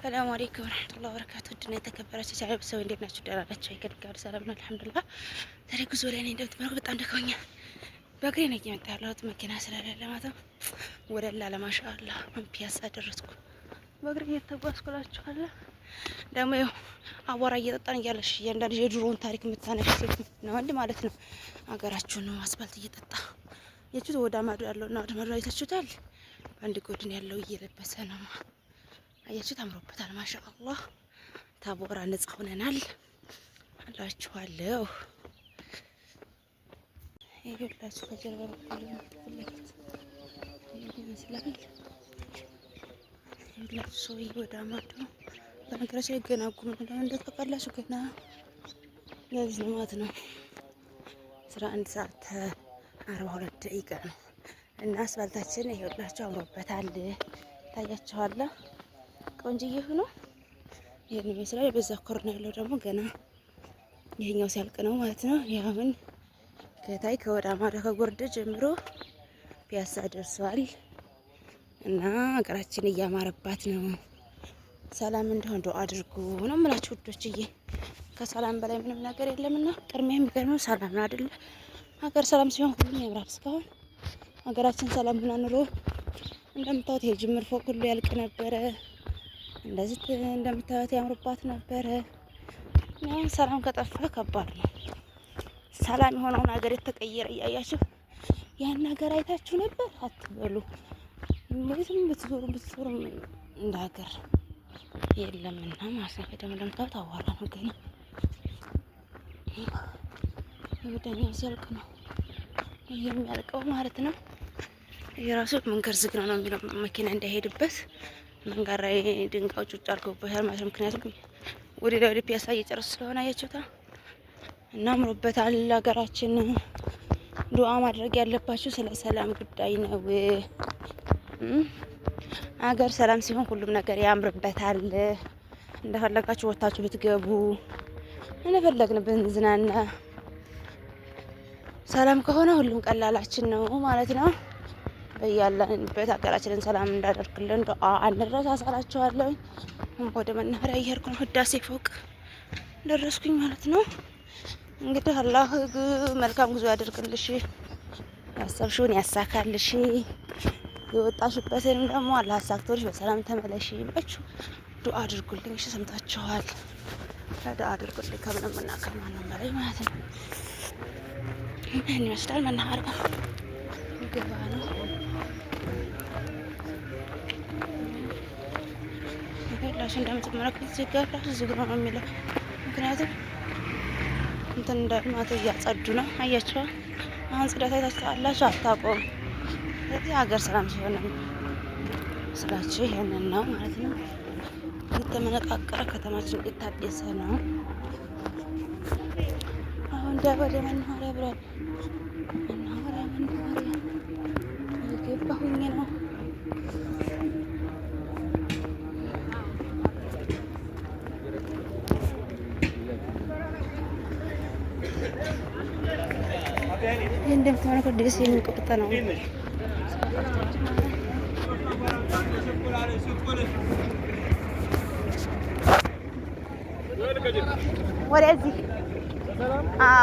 ሰላም አለይኩም ወራህመቱላሂ ወበረካቱህ። ድና የተከበራችሁ ቻናል ሰው እንዴት ናችሁ? ደህና ናችሁ? ይከድጋር ሰላም ነው፣ አልሐምዱሊላህ። ዛሬ ጉዞ ላይ ነኝ። እንደምትመረቁ በጣም ደክሞኛል። በእግሬ ነው እየመጣ ያለሁት መኪና ስለሌለ ማለት ነው። ወለላ ለማሻአላ ፒያሳ ደረስኩ። በእግሬ እየተጓዝኩ ደግሞ ያው አቧራ እየጠጣን እያለሽ እያንዳንድ የድሮውን ታሪክ የምታነሽ ሴት ነው ወንድ ማለት ነው። አገራችሁን ነው አስፋልት እየጠጣ የችት ወደ አማዶ ያለውና ወደ ማዶ አይታችሁታል። በአንድ ጎድን ያለው እየለበሰ ነው አያችሁ፣ አምሮበታል ማሻ ታቦራ ነጻ ሆነናል አላችኋለሁ። ይኸውላችሁ ከጀርባ በኩል ይመስላል። ይኸውላችሁ ሰውዬ ወደ አማዶ በነገራችን ላይ ገና ጉም ገና ለዚህ ልማት ነው ስራ አንድ ሰዓት አርባ ሁለት ደቂቃ ነው እና አስፋልታችን ይኸውላችሁ አምሮበታል ታያችኋለሁ። ቆንጅዬ ሆኖ ይሄን ይመስላል። በዛ ኮርና ያለው ደግሞ ገና ይሄኛው ሲያልቅ ነው ማለት ነው። ያሁን ከታይ ከወዳ ማዳ ከጎርደ ጀምሮ ፒያሳ ደርሰዋል እና ሀገራችን እያማረባት ነው። ሰላም እንደሆን ዶ አድርጉ ነው የምላችሁ ውዶችዬ። ከሰላም በላይ ምንም ነገር የለምና ቅድሚያ የሚገርመው ሰላም ነው አይደለ? ሀገር ሰላም ሲሆን ሁሉም ያምራል። እስካሁን ሀገራችን ሰላም ሆና ኑሮ እንደምታዩት የጅምር ፎቅ ሁሉ ያልቅ ነበረ። እንደዚህ እንደምታዩት ያምርባት ነበረ። ሰላም ከጠፋ ከባድ ነው። ሰላም የሆነውን ሀገር የተቀየረ እያያችሁ ያን ነገር አይታችሁ ነበር አትበሉ። ምንም ብትዞሩ ብትዞሩ እንደ ሀገር የለምና ማሰፈ ደም እንደምታዩት አዋራ ነው። ገና ወደኛው ዘልቅ ነው የሚያልቀው ማለት ነው። የራሱ መንገድ ዝግ ነው ነው የሚለው መኪና እንዳይሄድበት መንጋራ ድንጋዮች ውጭ አድርገውበታል ማለት ነው። ምክንያቱም ወደ ላይ ወደ ፒያሳ እየጨረሱ ስለሆነ አያችሁታ እና አምሮበታል። ሀገራችን ዱዓ ማድረግ ያለባችሁ ስለ ሰላም ጉዳይ ነው። አገር ሰላም ሲሆን ሁሉም ነገር ያምርበታል። እንደፈለጋችሁ ወታችሁ ብትገቡ እንደፈለግን ብንዝናና ሰላም ከሆነ ሁሉም ቀላላችን ነው ማለት ነው። በያለንበት ሀገራችንን ሰላም እንዳደርግልን ዱአ አንረሳሳላችኋለሁ። ወደ መናኸሪያ እየሄድኩ ነው። ህዳሴ ፎቅ ደረስኩኝ ማለት ነው። እንግዲህ አላህ መልካም ጉዞ ያደርግልሽ፣ ያሰብሽውን ያሳካልሽ፣ የወጣሽበትን ደግሞ አላህ አሳክቶልሽ በሰላም ተመለሽ ብላችሁ ዱአ አድርጉልኝ። እሺ ሰምታችኋል። ዱአ አድርጉልኝ ከምንም እና ከማንም በላይ ማለት ነው። ይህን ይመስላል መናኸሪያ ገባ ነው። ራሱ እንደምትመረቅ ሲጋር ራሱ እዚህ ነው የሚለው። ምክንያቱም እንትን እንደ ማት እያጸዱ ነው። አያቸው አሁን ጽዳት አይታችኋላችሁ አታቆም። ስለዚህ ሀገር ሰላም ሲሆን ስላችሁ ይሄንን ነው ማለት ነው። የተመነቃቀረ ከተማችን እየታደሰ ነው። አሁን ዳ ወደ መናኸሪያ ብሏል። ይህ እንደምታወራ ደስ የሚል ቁርጥ ነው። ወደዚህ አዎ